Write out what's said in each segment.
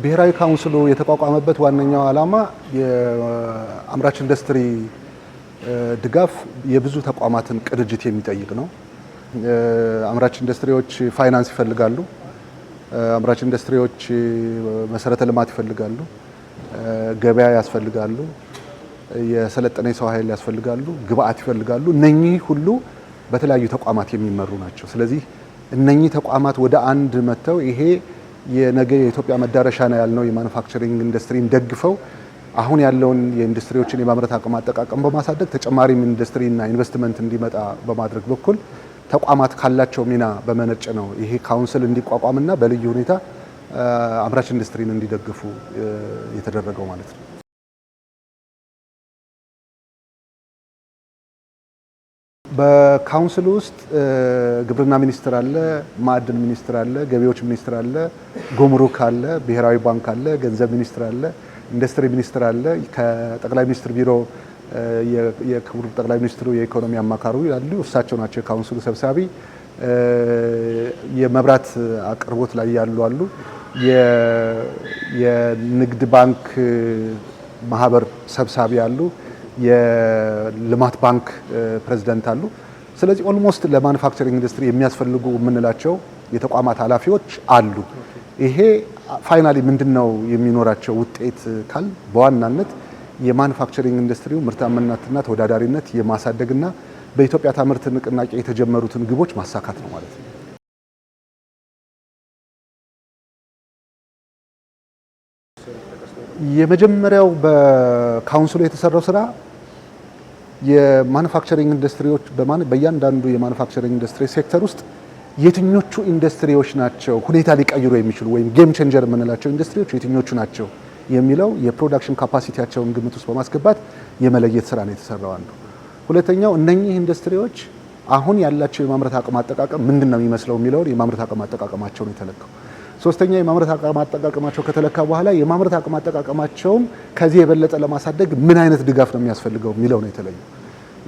ብሔራዊ ካውንስሉ የተቋቋመበት ዋነኛው ዓላማ የአምራች ኢንዱስትሪ ድጋፍ የብዙ ተቋማትን ቅንጅት የሚጠይቅ ነው። አምራች ኢንዱስትሪዎች ፋይናንስ ይፈልጋሉ። አምራች ኢንዱስትሪዎች መሰረተ ልማት ይፈልጋሉ፣ ገበያ ያስፈልጋሉ፣ የሰለጠነ የሰው ኃይል ያስፈልጋሉ፣ ግብአት ይፈልጋሉ። እነኚህ ሁሉ በተለያዩ ተቋማት የሚመሩ ናቸው። ስለዚህ እነኚህ ተቋማት ወደ አንድ መጥተው ይሄ የነገ የኢትዮጵያ መዳረሻ ነው ያልነው የማኑፋክቸሪንግ ኢንዱስትሪን ደግፈው አሁን ያለውን የኢንዱስትሪዎችን የማምረት አቅም አጠቃቀም በማሳደግ ተጨማሪም ኢንዱስትሪና ኢንቨስትመንት እንዲመጣ በማድረግ በኩል ተቋማት ካላቸው ሚና በመነጨ ነው ይሄ ካውንስል እንዲቋቋምና በልዩ ሁኔታ አምራች ኢንዱስትሪን እንዲደግፉ የተደረገው ማለት ነው። በካውንስል ውስጥ ግብርና ሚኒስትር አለ፣ ማዕድን ሚኒስትር አለ፣ ገቢዎች ሚኒስትር አለ፣ ጉምሩክ አለ፣ ብሔራዊ ባንክ አለ፣ ገንዘብ ሚኒስትር አለ፣ ኢንዱስትሪ ሚኒስትር አለ፣ ከጠቅላይ ሚኒስትር ቢሮ የክቡር ጠቅላይ ሚኒስትሩ የኢኮኖሚ አማካሩ ያሉ እሳቸው ናቸው። የካውንስሉ ሰብሳቢ የመብራት አቅርቦት ላይ ያሉ አሉ። የንግድ ባንክ ማህበር ሰብሳቢ አሉ። የልማት ባንክ ፕሬዚደንት አሉ። ስለዚህ ኦልሞስት ለማኑፋክቸሪንግ ኢንዱስትሪ የሚያስፈልጉ የምንላቸው የተቋማት ኃላፊዎች አሉ። ይሄ ፋይናሊ ምንድን ነው የሚኖራቸው ውጤት ካል በዋናነት የማኑፋክቸሪንግ ኢንዱስትሪው ምርታማነትና ተወዳዳሪነት የማሳደግና በኢትዮጵያ ታምርት ንቅናቄ የተጀመሩትን ግቦች ማሳካት ነው ማለት ነው። የመጀመሪያው በካውንስሉ የተሰራው ስራ የማኑፋክቸሪንግ ኢንዱስትሪዎች በእያንዳንዱ የማኑፋክቸሪንግ ኢንዱስትሪ ሴክተር ውስጥ የትኞቹ ኢንዱስትሪዎች ናቸው ሁኔታ ሊቀይሩ የሚችሉ ወይም ጌም ቼንጀር የምንላቸው ኢንዱስትሪዎች የትኞቹ ናቸው የሚለው የፕሮዳክሽን ካፓሲቲያቸውን ግምት ውስጥ በማስገባት የመለየት ስራ ነው የተሰራው አንዱ። ሁለተኛው እነኚህ ኢንዱስትሪዎች አሁን ያላቸው የማምረት አቅም አጠቃቀም ምንድን ነው የሚመስለው የሚለውን የማምረት አቅም አጠቃቀማቸው ነው የተለካው። ሶስተኛ የማምረት አቅም አጠቃቀማቸው ከተለካ በኋላ የማምረት አቅም አጠቃቀማቸውም ከዚህ የበለጠ ለማሳደግ ምን አይነት ድጋፍ ነው የሚያስፈልገው የሚለው ነው የተለየ።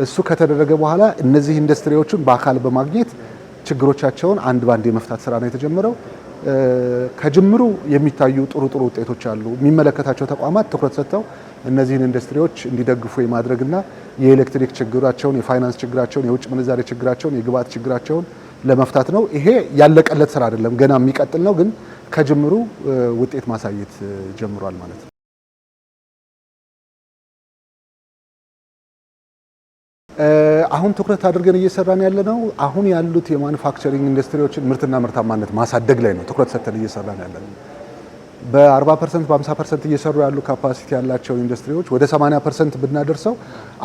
እሱ ከተደረገ በኋላ እነዚህ ኢንዱስትሪዎችን በአካል በማግኘት ችግሮቻቸውን አንድ ባንድ የመፍታት ስራ ነው የተጀመረው። ከጅምሩ የሚታዩ ጥሩ ጥሩ ውጤቶች አሉ። የሚመለከታቸው ተቋማት ትኩረት ሰጥተው እነዚህን ኢንዱስትሪዎች እንዲደግፉ የማድረግና የኤሌክትሪክ ችግራቸውን፣ የፋይናንስ ችግራቸውን፣ የውጭ ምንዛሬ ችግራቸውን፣ የግብዓት ችግራቸውን ለመፍታት ነው። ይሄ ያለቀለት ስራ አይደለም፣ ገና የሚቀጥል ነው። ግን ከጅምሩ ውጤት ማሳየት ጀምሯል ማለት ነው። አሁን ትኩረት አድርገን እየሰራን ያለ ነው። አሁን ያሉት የማኑፋክቸሪንግ ኢንዱስትሪዎችን ምርትና ምርታማነት ማሳደግ ላይ ነው ትኩረት ሰጥተን እየሰራን ያለነው። በ40 ፐርሰንት በ50 ፐርሰንት እየሰሩ ያሉ ካፓሲቲ ያላቸው ኢንዱስትሪዎች ወደ 80 ፐርሰንት ብናደርሰው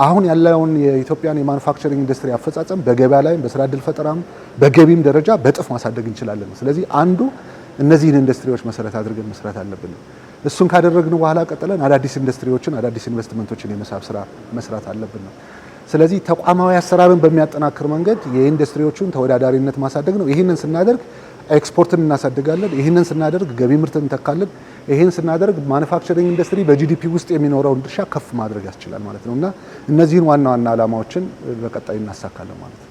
አሁን ያለውን የኢትዮጵያን የማኑፋክቸሪንግ ኢንዱስትሪ አፈጻጸም በገበያ ላይም በስራ እድል ፈጠራም በገቢም ደረጃ በእጥፍ ማሳደግ እንችላለን። ስለዚህ አንዱ እነዚህን ኢንዱስትሪዎች መሰረት አድርገን መስራት አለብን። እሱን ካደረግን በኋላ ቀጥለን አዳዲስ ኢንዱስትሪዎችን አዳዲስ ኢንቨስትመንቶችን የመሳብ ስራ መስራት አለብን ነው ስለዚህ ተቋማዊ አሰራርን በሚያጠናክር መንገድ የኢንዱስትሪዎቹን ተወዳዳሪነት ማሳደግ ነው። ይህንን ስናደርግ ኤክስፖርትን እናሳድጋለን። ይህንን ስናደርግ ገቢ ምርትን እንተካለን። ይህን ስናደርግ ማኑፋክቸሪንግ ኢንዱስትሪ በጂዲፒ ውስጥ የሚኖረውን ድርሻ ከፍ ማድረግ ያስችላል ማለት ነው እና እነዚህን ዋና ዋና ዓላማዎችን በቀጣይ እናሳካለን ማለት ነው።